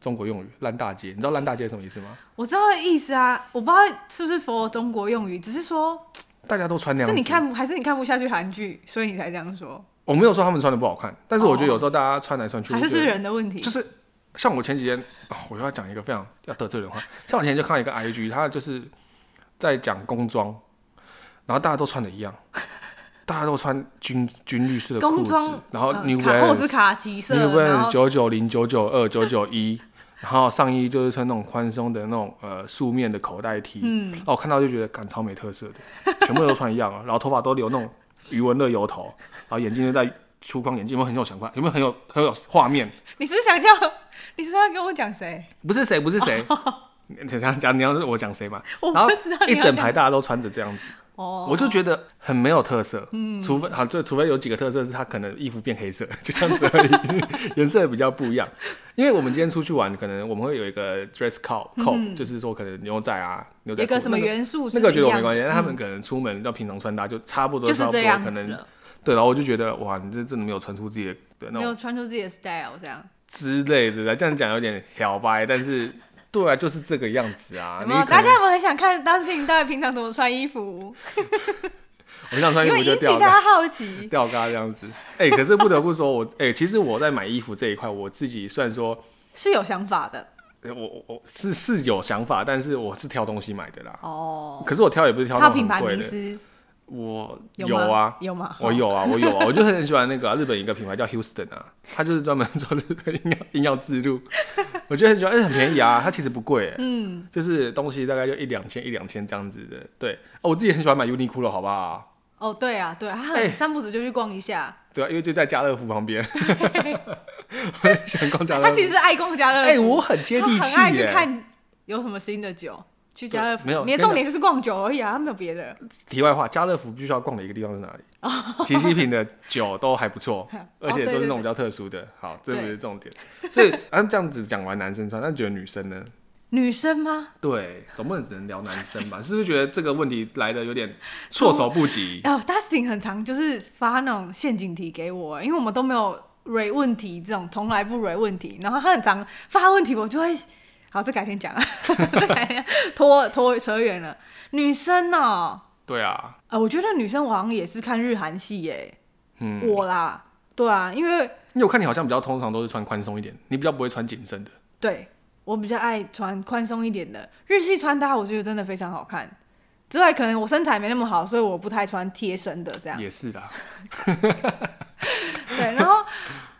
中國用語爛大街，你知道爛大街是什麼意思嗎？我知道的意思啊，我不知道是不是 for 中國用語，只是說大家都穿那樣。是你看還是你看不下去韓劇，所以你才這樣說？我沒有說他們穿的不好看，但是我覺得有時候大家穿來穿去，不、哦、是，是人的問題。就是像我前幾天，哦、我又要講一個非常要得罪人的話。像我前幾天就看一個 I G，他就是在講工裝，然後大家都穿的一樣，大家都穿軍軍綠色的褲子，然後尼古 e 是卡其色，尼 e 蘭九九零、九九二、九九一，然後上衣就是穿那種寬鬆的那種呃素面的口袋 T。嗯、然後我看到就覺得趕超沒特色的，全部都穿一樣啊， (laughs) 然後頭髮都留那種。余文樂油頭，然後眼鏡又戴粗框眼鏡，有沒有很有想法？有沒有很有很有畫面？你是不是想叫？你是,是要跟我講誰？不是誰？不是誰？你講講，你要是我講誰嘛？我不知道你。然後一整排大家都穿着這樣子。 (laughs) Oh, 我就覺得很沒有特色，嗯、除非好除非有幾個特色是它可能衣服變黑色，就這樣子而已，顏 (laughs) 色也比較不一樣。因為我們今天出去玩，可能我們會有一個 dress code，code，、嗯、就是說可能牛仔啊，嗯、牛仔褲，一個什麼元素是是，那個覺得我沒關係、嗯。但他們可能出門到平常穿搭就差不多，差不多，就是、可能對。然後我就覺得哇，你這真的沒有穿出自己的對那種，沒有穿出自己的 style 這樣之類的，這樣講有點小白，但是。對、啊，就是這個樣子啊！大家有沒有很想看 Dustin 到底平常怎麼穿衣服？ (laughs) 我想穿衣服就吊嘎，好奇吊嘎這樣子。哎、欸，可是不得不說， (laughs) 我哎、欸，其實我在買衣服這一塊，我自己雖然說是有想法的，欸、我我我是是有想法，但是我是挑東西買的啦。哦、oh,，可是我挑也不是挑品牌。貴的。我有啊，有嗎，有嗎？我有啊，我有啊，我就很喜歡那個、啊、 (laughs) 日本一個品牌叫 Houston 啊，他就是專門做日本飲飲料，料制度， (laughs) 我覺得很喜歡，而、欸、且很便宜啊，它其實不貴、欸，嗯，就是東西大概就一兩千一兩千這樣子的，對，哦，我自己很喜歡買優衣庫了，好不好、啊？哦，對啊，對啊、欸，三不五時就去逛一下，對啊，因為就在家樂福旁邊， (laughs) (laughs) 我很喜歡逛家樂福，他其實愛逛家樂福，哎、欸，我很接地氣、欸，很愛去看有什麼新的酒。去家樂福，沒有，你的重點就是逛酒而已啊，沒有別的。題外話，家樂福必須要逛的一個地方是哪裡？ (laughs) 其實品的酒都還不錯， (laughs) 而且都是那種比較特殊的。 (laughs) 哦、對對對對好，對，這不是重點。所以啊，這樣子講完男生穿，那你覺得女生呢？ (laughs) 女生嗎？對，總不能只能聊男生吧？ (laughs) 是不是覺得這個問題來得有點措手不及？哦、 (laughs) oh，Dustin 很常就是發那種陷阱題給我，因為我們都沒有蕊問題，這種從來不蕊問題，然後他很常發問題，我就會。好，這改天講啊，拖拖扯遠了。女生哦、喔，對啊、呃。我覺得女生我好像也是看日韓系耶。我啦，對啊，因為……因為我看你好像比較通常都是穿寬鬆一點，你比較不會穿緊身的。對，我比較愛穿寬鬆一點的日系穿搭，我覺得真的非常好看。之外，可能我身材沒那麼好，所以我不太穿貼身的這樣。也是啦。 (laughs) (laughs) 對，然後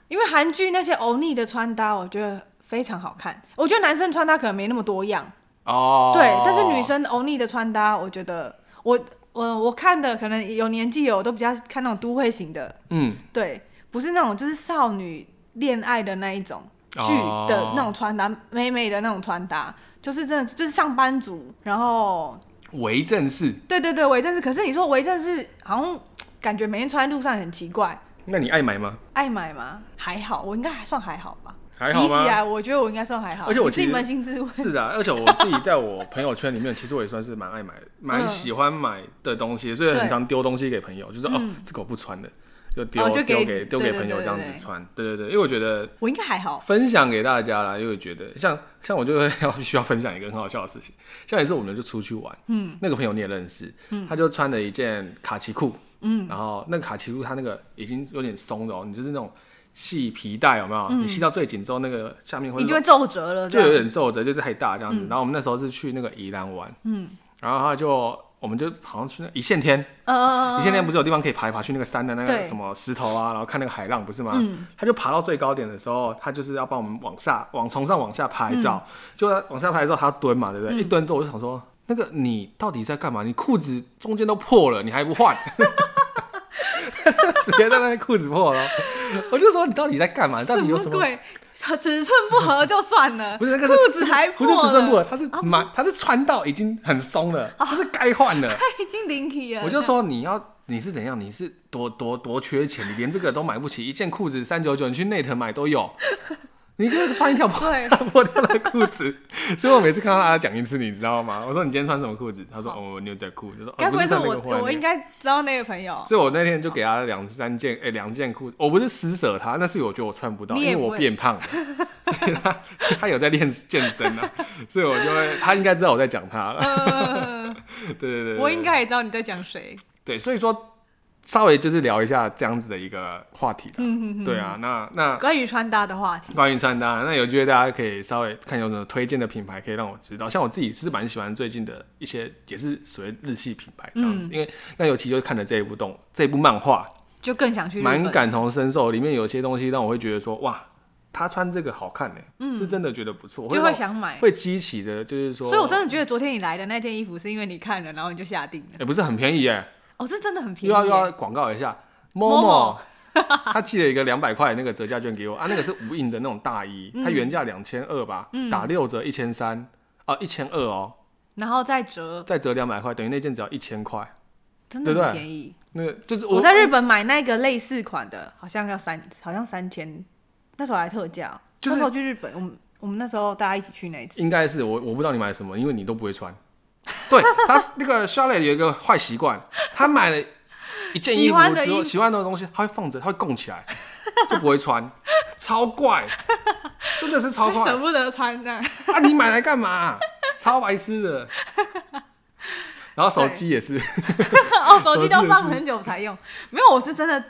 因為韓劇那些歐尼的穿搭，我覺得。非常好看，我覺得男生穿搭可能沒那麼多樣哦。對，但是女生 only、哦、的穿搭，我覺得我我我看的可能有年紀有都比較看那種都會型的，嗯，對，不是那種就是少女戀愛的那一種劇的那種穿搭，哦，美美的那種穿搭，就是真的就是上班族，然後，微正式，對對對，微正式。可是你說微正式，好像感覺每天穿在路上很奇怪。那你愛買嗎？愛買嗎？還好，我應該還算還好吧。還好嗎起、啊？我覺得我應該算還好，而且我自己捫心自問是的、啊，而且我自己在我朋友圈裡面， (laughs) 其實我也算是蠻愛買、蠻喜歡買的東西，呃、所以很常丟東西給朋友，就是哦，嗯、這我不穿的，就丟丟、哦、給丟給,給朋友這樣子穿，對對對，對、對、對、對，因為我覺得我應該還好。分享給大家啦，因為我覺得像像我就會要需要分享一個很好笑的事情，像一次我們就出去玩，嗯，那個朋友你也認識，嗯、他就穿了一件卡其褲，嗯，然後那個卡其褲他那個已經有點鬆了、哦、你就是那種。繫皮帶有沒有？嗯、你繫到最緊之後，那個下面會，已經皺褶了，就有點皺褶，就是太大這樣子，嗯。然後我們那時候是去那個宜蘭玩，嗯，然後他就我們就好像去那一線天，啊、呃、一線天不是有地方可以爬一爬去那個山的那個什麼石頭啊，然後看那個海浪不是嗎、嗯？他就爬到最高點的時候，他就是要幫我們往下往從上往下拍照，嗯，就往下拍的時候他蹲嘛，對不對、嗯？一蹲之後我就想說，那個你到底在幹嘛？你褲子中間都破了，你還不換？ (laughs) (laughs) 直接在那褲子破了，我就說你到底在幹嘛？到底有什麼，什麼鬼？尺寸不合就算了， (laughs) 不是褲子還破，不是尺寸不合，他是買，他是穿到已經很鬆了，就是該換了，他已經零體了。我就說你要你是怎樣？你是多多多，多缺錢？你連這個都買不起，一件褲子三九九，你去內特買都有。 (laughs) 你可,可以穿一條破, (laughs) 破掉的褲子， (laughs) 所以我每次看到他講一次，你知道嗎？我說你今天穿什麼褲子？他說哦牛仔褲，就說該不會是,、哦不是穿那個、我、那個、我應該知道那個朋友，所以我那天就給他兩三件，哎 (laughs) 兩、欸、件褲子，我不是施舍他，那是我覺得我穿不到，不因為我變胖了，所以他他有在練健身啊，所以我就會他應該知道我在講他了， (laughs) 對,對,對,對對對，我應該也知道你在講誰，對，所以說。稍微就是聊一下這樣子的一個話題的、嗯，對啊，那那關於穿搭的話題，關於穿搭，那有機會大家可以稍微看有什麼推薦的品牌，可以讓我知道。像我自己是蠻喜歡最近的一些，也是屬於日系品牌這樣子，嗯、因為那尤其就是看了這一部動，這部漫畫，就更想去，蠻感同身受。裡面有些東西讓我會覺得說，哇，他穿這個好看呢、欸嗯，是真的覺得不錯，就會想買，會、會激起的，就是說，所以我真的覺得昨天你來的那件衣服，是因為你看了，然後你就下定了，欸、不是很便宜哎、欸。哦，這真的很便宜。又要又要廣告一下 (laughs) ，Momo，他寄了一個兩百塊那個折價券給我啊，那個是無印的那種大衣，嗯、它原價兩千二吧，嗯、打六折一千三，哦，一千二哦，然後再折再折兩百塊，等於那件只要一千塊，真的很便宜。那個、就是我，我在日本買那個類似款的，好像要三，好像三千，那時候還特價，就是那時候去日本，我們我們那時候大家一起去那一次，應該是我我不知道你買什麼，因為你都不會穿。 (laughs) 對，他那個肖磊有一個壞習慣，他買了一件衣服，之後喜歡的衣服，喜歡的東西他會放着，他會供起來，就不會穿，超怪，真的是超怪，捨不得穿這樣 (laughs) 啊！你買來幹嘛？超白痴的。然後手機也是， (laughs) 哦，手機都放很久才用。 (laughs) 手機也是。 (laughs) 手機都放很久才用，沒有，我是真的，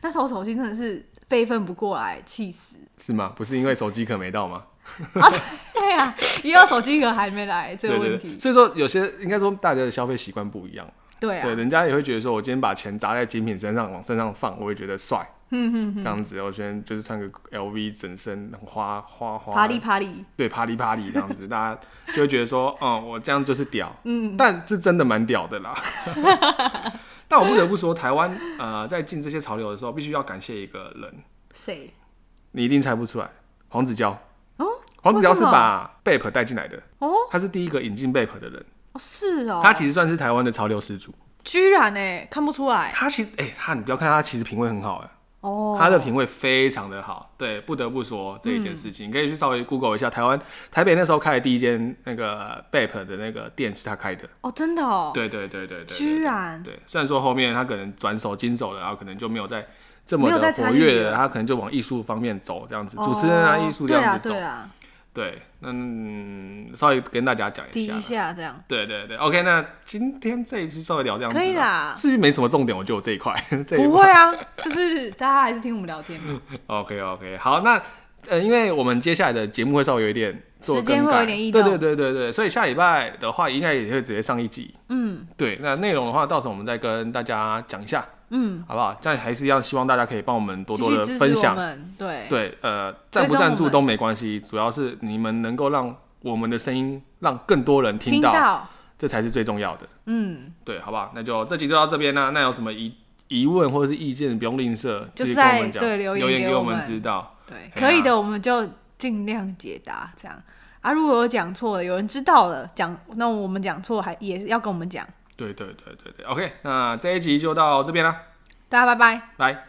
那時候手機真的是備份不過來，氣死。是嗎？不是因為手機殼沒到嗎？ (laughs) 啊，對、哎、呀，也有手機殼還沒來 (laughs) 這個問題。對對對，所以說，有些應該說，大家的消費習慣不一樣。對、啊、對，人家也會覺得說，我今天把錢砸在精品身上，往身上放，我也覺得帥。嗯嗯，這樣子，我今天就是穿個 LV 整身，花花花。啪里啪里，對，啪里啪里，這樣子， (laughs) 大家就會覺得說，哦、嗯，我這樣就是屌。嗯， (laughs) 但是真的蠻屌的啦。 (laughs) (laughs) 但我不得不說，台灣呃，在進這些潮流的時候，必須要感謝一個人。誰？你一定猜不出來，黃子佼。黃子佼是把 Bape 帶進來的，哦，他是第一個引進 Bape 的人，哦，是哦，他其實算是台灣的潮流始祖，居然哎、欸，看不出來，他其實哎、欸，他你不要看他，他其實品味很好哎，哦，他的品味非常的好，對，不得不說這一件事情，嗯、你可以去稍微 Google 一下，台灣台北那時候開的第一間那個 Bape 的那個店是他開的，哦，真的哦，對對對對，對，對，對，對，對，居然，對，雖然說後面他可能轉手、經手了，然後可能就沒有在這麼的活躍了，他可能就往藝術方面走這樣子，哦、主持人啊，藝術這樣子、哦對啊、走。對啊對，嗯，稍微跟大家講一下，提一下這樣。對對對，OK。那今天這一期稍微聊這樣，可以啦。至於沒什麼重點，我就有這一塊。不會啊，就是大家還是聽我們聊天嘛。 (laughs) OK OK，好，那呃，因為我們接下來的節目會稍微有一點時間會有點異調，對對對對對，所以下禮拜的話應該也會直接上一集。嗯，對，那內容的話，到時候我們再跟大家講一下。嗯，好不好？但還是一樣，希望大家可以幫我們多多的分享，對對，呃，贊不贊助都沒關係，主要是你們能夠讓我們的聲音讓更多人聽到、聽到，這才是最重要的。嗯，對，好不好？那就這集就到這邊啦，啊，那有什麼疑疑問或者是意見，不用吝嗇，就在對留言、留言給我們知道，對，可以的，我們就盡量解答。這樣、這樣啊，如果有講錯了，有人知道了講，那我們講錯還也是要跟我們講。對對對對對，OK，那這一集就到這邊了，大家拜拜，拜拜，來。